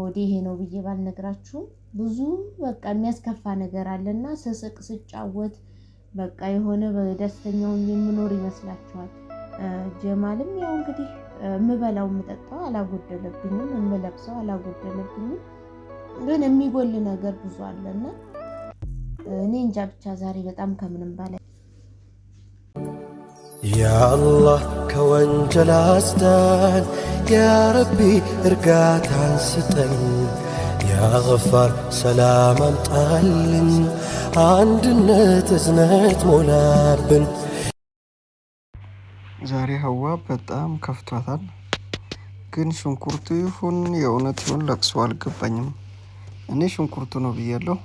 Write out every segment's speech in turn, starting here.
ሆዴ ይሄ ነው ብዬ ባልነግራችሁም ብዙ በቃ የሚያስከፋ ነገር አለና ስስቅ ስጫወት በቃ የሆነ በደስተኛው የምኖር ይመስላችኋል። ጀማልም ያው እንግዲህ የምበላው የምጠጣው አላጎደለብኝም፣ የምለብሰው አላጎደለብኝም። ግን የሚጎል ነገር ብዙ አለና እኔ እንጃ ብቻ ዛሬ በጣም ከምንም በላይ ያ አላህ ከወንጀል አስዳን፣ ያረቢ እርጋታን ስጠን፣ ያገፋር ሰላም አምጣልን፣ አንድነት እዝነት ሞላብን። ዛሬ ሀዋ በጣም ከፍቷታል። ግን ሽንኩርቱ ይሁን የእውነት ይሁን ለቅሶ አልገባኝም። እኔ ሽንኩርቱ ነው ብያለሁ።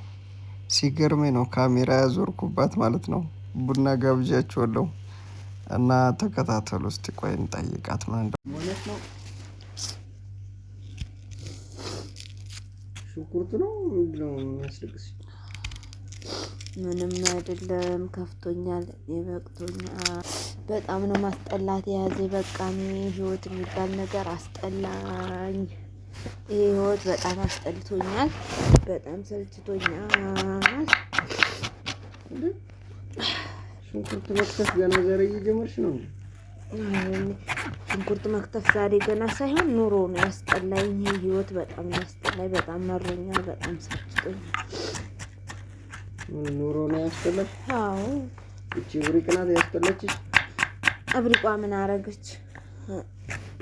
ሲገርሜ ነው ካሜራ ያዞርኩባት ማለት ነው። ቡና ጋብዣችኋለሁ። እና ተከታተሉ እስቲ። ቆይ እንጠይቃት ምን ነው። ነው ምንም አይደለም። ከፍቶኛል፣ ይበቅቶኛል። በጣም ነው ማስጠላት የያዘ በቃኝ። ህይወት የሚባል ነገር አስጠላኝ። ይህ ህይወት በጣም አስጠልቶኛል፣ በጣም ሰልችቶኛል። ሽንኩርት መክተፍ ገና ዛሬ እየጀመርሽ ነው። ሽንኩርት መክተፍ ዛሬ ገና ሳይሆን ኑሮ ነው ያስጠላኝ። ይህ ህይወት በጣም ያስጠላኝ። በጣም መሮኛል። በጣም ሰጭቶኛል። ኑሮ ነው ያስጠላሽ? አዎ። እቺ እብሪቅ ናት ያስጠላችሽ? እብሪቋ ምን አረገች?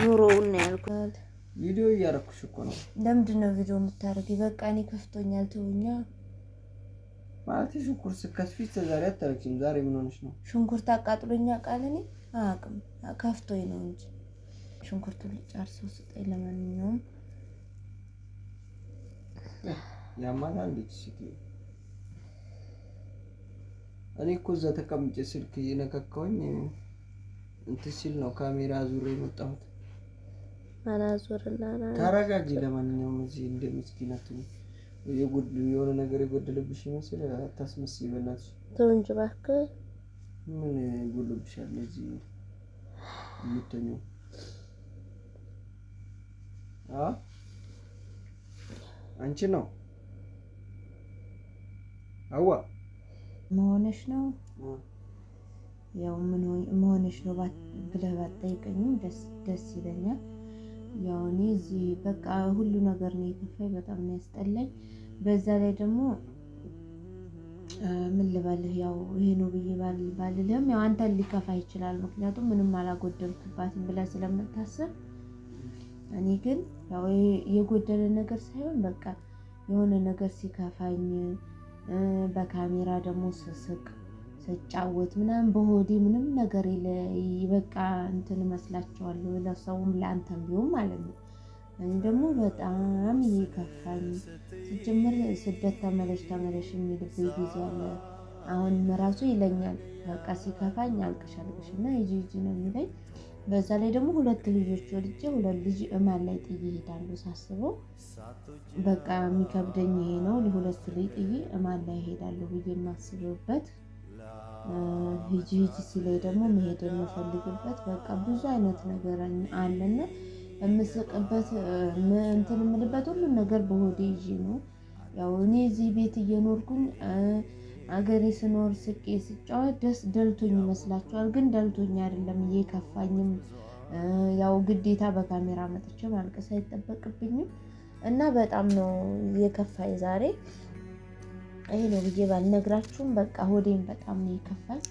ኑሮውን ነው ያልኩት። ቪዲዮ እያረኩሽ እኮ ነው። ለምንድን ነው ቪዲዮ የምታደርጊ? በቃ እኔ ከፍቶኛል፣ ተውኛ ማለት ሽንኩርት ስከትፊ ዛሬ አታረችም። ዛሬ ምን ሆነሽ ነው? ሽንኩርት አቃጥሎኛ ቃል እኔ አቅም ከፍቶኝ ነው እንጂ ሽንኩርቱ ልጨርሰው ስጠኝ። ለማንኛውም ያማታ እንዴት ስ እኔ እኮ እዛ ተቀምጬ ስልክ እየነካካሁኝ እንትን ሲል ነው ካሜራ ዙር የመጣሁት። አላዙርላ ተረጋጊ። ለማንኛውም እዚህ እንደ ምስኪናት ነው የሆነ ነገር የጎደለብሽ ይመስል አታስመስይ፣ በእናትሽ ተው እንጂ እባክህ። ምን ይጎድልብሻል? ለዚህ የምተኛው አንቺ ነው አዋ መሆነሽ ነው ያው ምን መሆነሽ ነው ብለህ ባትጠይቀኝም ደስ ደስ ይለኛል። ያው እኔ እዚህ በቃ ሁሉ ነገር ነው የከፋኝ። በጣም ነው ያስጠላኝ። በዛ ላይ ደግሞ ምን ልበልህ፣ ያው ይሄ ነው ብዬ ባልልህም ያው አንተን ሊከፋ ይችላል። ምክንያቱም ምንም አላጎደልኩባትም ብለህ ስለምታስብ እኔ ግን ያው የጎደለ ነገር ሳይሆን በቃ የሆነ ነገር ሲከፋኝ በካሜራ ደግሞ ስስቅ ስጫወት ምናምን በሆዴ ምንም ነገር በቃ እንትን እመስላቸዋለሁ ለሰውም ለአንተም ቢሆን ማለት ነው። እኔ ደግሞ በጣም ይከፋኝ ስጀምር ስደት ተመለሽ ተመለሽ የሚልብኝ ጊዜ አለ። አሁንም ራሱ ይለኛል በቃ ሲከፋኝ አልቅሽ አልቅሽ እና ይጂ ሂጂ ነው የሚለኝ። በዛ ላይ ደግሞ ሁለት ልጆች ወልጄ ሁለት ልጅ እማን ላይ ጥዬ እሄዳለሁ ሳስበው በቃ የሚከብደኝ ይሄ ነው። ሁለት ልጅ ጥዬ እማን ላይ እሄዳለሁ ብዬ የማስብበት ሂጂ ሂጂ ሲለኝ ደግሞ መሄድ የምፈልግበት በቃ ብዙ አይነት ነገር አለና የምስቅበት እንትን የምልበት ሁሉን ነገር በሆዴ ይዤ ነው። ያው እኔ እዚህ ቤት እየኖርኩኝ አገሬ ስኖር ስቄ ስጫወት ደስ ደልቶኝ ይመስላችኋል? ግን ደልቶኝ አይደለም እየከፋኝም ያው ግዴታ በካሜራ መጥቼ ማልቀስ አይጠበቅብኝም እና በጣም ነው የከፋኝ ዛሬ ይሄ ነው ብዬ ባልነግራችሁም በቃ ሆዴን በጣም ነው የከፋኝ።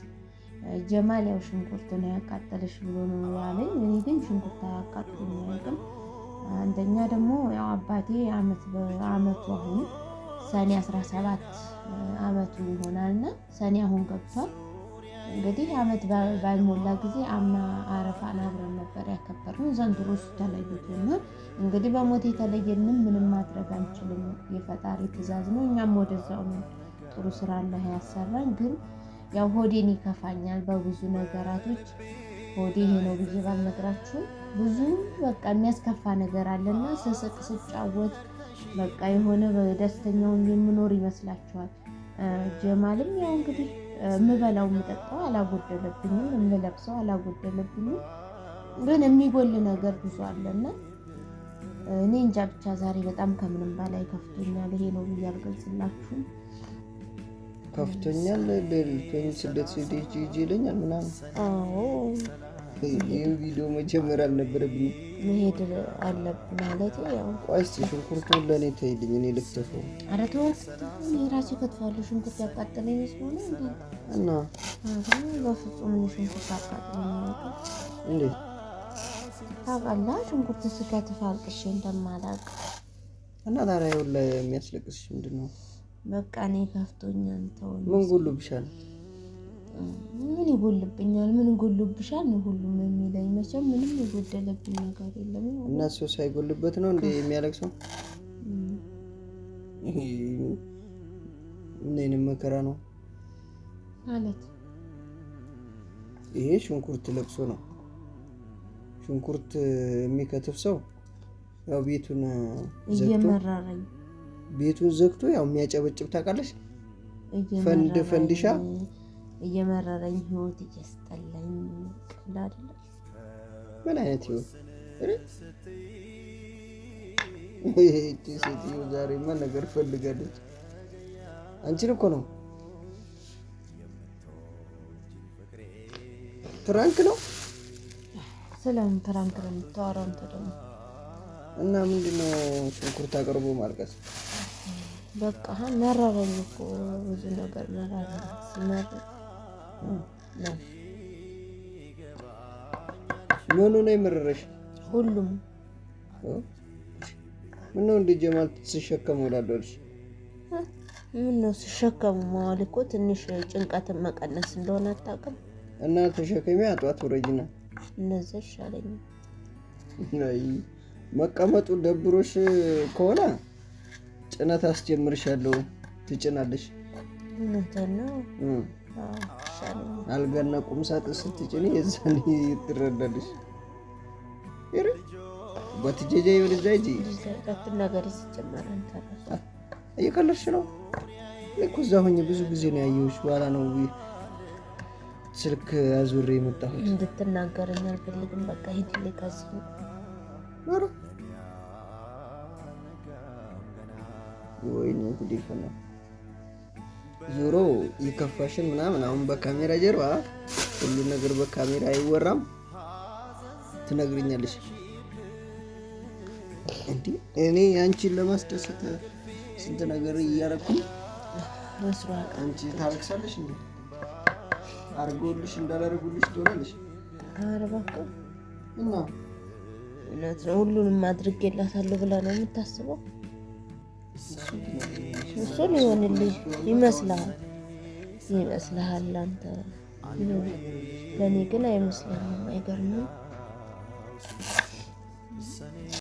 ጀማል ያው ሽንኩርት ነው ያቃጠለሽ ብሎ ነው ያለኝ። እኔ ግን ሽንኩርት አያቃጥልም አያውቅም። አንደኛ ደግሞ ያው አባቴ አመት በአመቱ አሁን ሰኔ 17 አመቱ ይሆናልና ሰኔ አሁን ገብቷል። እንግዲህ አመት ባልሞላ ጊዜ አምና አረፋን አብረን ነበር ያከበርነው። ዘንድሮ እሱ ተለይቶናል። እንግዲህ በሞት የተለየንም ምንም ማድረግ አንችልም። የፈጣሪ ትእዛዝ ነው። እኛም ወደዛው ነው። ጥሩ ስራ አላህ ያሰራን። ግን ያው ሆዴን ይከፋኛል በብዙ ነገራቶች ሆዴ ይሄ ነው ብዬ ባልነግራችሁ ብዙ በቃ የሚያስከፋ ነገር አለና ስስቅ ስጫወት በቃ የሆነ ደስተኛውን የምኖር ይመስላችኋል። ጀማልም ያው እንግዲህ የምበላው የምጠጣው አላጎደለብኝም፣ የምለብሰው አላጎደለብኝም። ግን የሚጎል ነገር ብዙ አለና እኔ እንጃ ብቻ ዛሬ በጣም ከምንም በላይ ከፍቶኛል። ይሄ ነው ብዬ አልገልጽላችሁም። ከፍቶኛል። ስደት ሄጄ ይለኛል ምናምን ይህ ቪዲዮ መጀመር አልነበረብኝም። መሄድ አለ ማለት ያው ቆይስ፣ ሽንኩርቱን ለእኔ እኔ ልክተፈው። ኧረ ተው፣ ራሴ ከትፋለሁ። ሽንኩርት ያቃጠለኝ ስለሆነ እና በፍጹም እኔ ሽንኩርት አቃጥለኝ እንዴ! ታውቃለህ፣ ሽንኩርት ስከትፍ አልቅሼ እንደማላውቅ እና ታዲያ የሚያስለቅስሽ ምንድን ነው? በቃ እኔ ከፍቶኛል። ተው፣ ምን ጉልብሻል? ምን ይጎልብኛል፣ ምን ይጎልብሻል ነው ሁሉም የሚለኝ። መቼም ምንም የጎደለብኝ ነገር የለም። እና ሰው ሳይጎልበት ነው እንዴ የሚያለቅሰው? ምን አይነት መከራ ነው ማለት ይሄ ሽንኩርት ለቅሶ ነው። ሽንኩርት የሚከትፍ ሰው ያው ቤቱን እየመራረኝ ቤቱን ዘግቶ ያው የሚያጨበጭብ ታውቃለች። ፈንድ ፈንድሻ እየመረረኝ ህይወት እያስጠላኝ ቀላ አይደለም። ምን አይነት ህይወት ሴትዮ ዛሬ ዛሬማ ነገር ፈልጋለች። አንቺን እኮ ነው። ፕራንክ ነው። ስለምን ፕራንክ ነው የምታወራው? አንተ ደግሞ እና ምንድን ነው ሽንኩርት አቅርቦ ማልቀስ? በቃ መረረኝ እኮ ብዙ ነገር መራረኝ ሲመር ምኑ ነው የመረረሽ? ሁሉም ምነው እንደ ጀማል ስሸከም ውላለች? ምነው ስሸከሙ መዋል እኮ ትንሽ ጭንቀትን መቀነስ እንደሆነ አታውቅም? እና ተሸከሚ አጧት ውረጅና እነዚያ ይሻለኝ። መቀመጡ ደብሮሽ ከሆነ ጭነት አስጀምርሻለሁ፣ ትጭናለሽ። እውነቴን ነው። አልጋና ቁም ሳጥን ስትጭን የዛን ትረዳለሽ። በትጀጃ እየቀለድሽ ነው። እኮ እዛ ሆኜ ብዙ ጊዜ ነው ያየሁሽ። በኋላ ነው ስልክ አዙሬ የመጣሁት። እንድትናገረኝ አልፈልግም። በቃ ሂድልኝ ወይኔ ጉዴ ዞሮ የከፋሽን ምናምን አሁን በካሜራ ጀርባ ሁሉ ነገር በካሜራ አይወራም። ትነግርኛለች እንዲ እኔ አንቺን ለማስደሰት ስንት ነገር እያረኩም አንቺ ታረክሳለሽ እንዴ? አርጎልሽ እንዳላረጉልሽ ትሆናለሽ። ኧረ እባክህ እና ሁሉንም አድርጌላታለሁ ብላ ነው የምታስበው። እሱ ሊሆንልኝ ይመስልሃል ይመስልሃል አንተ ለእኔ ግን አይመስለኝም አይገርምም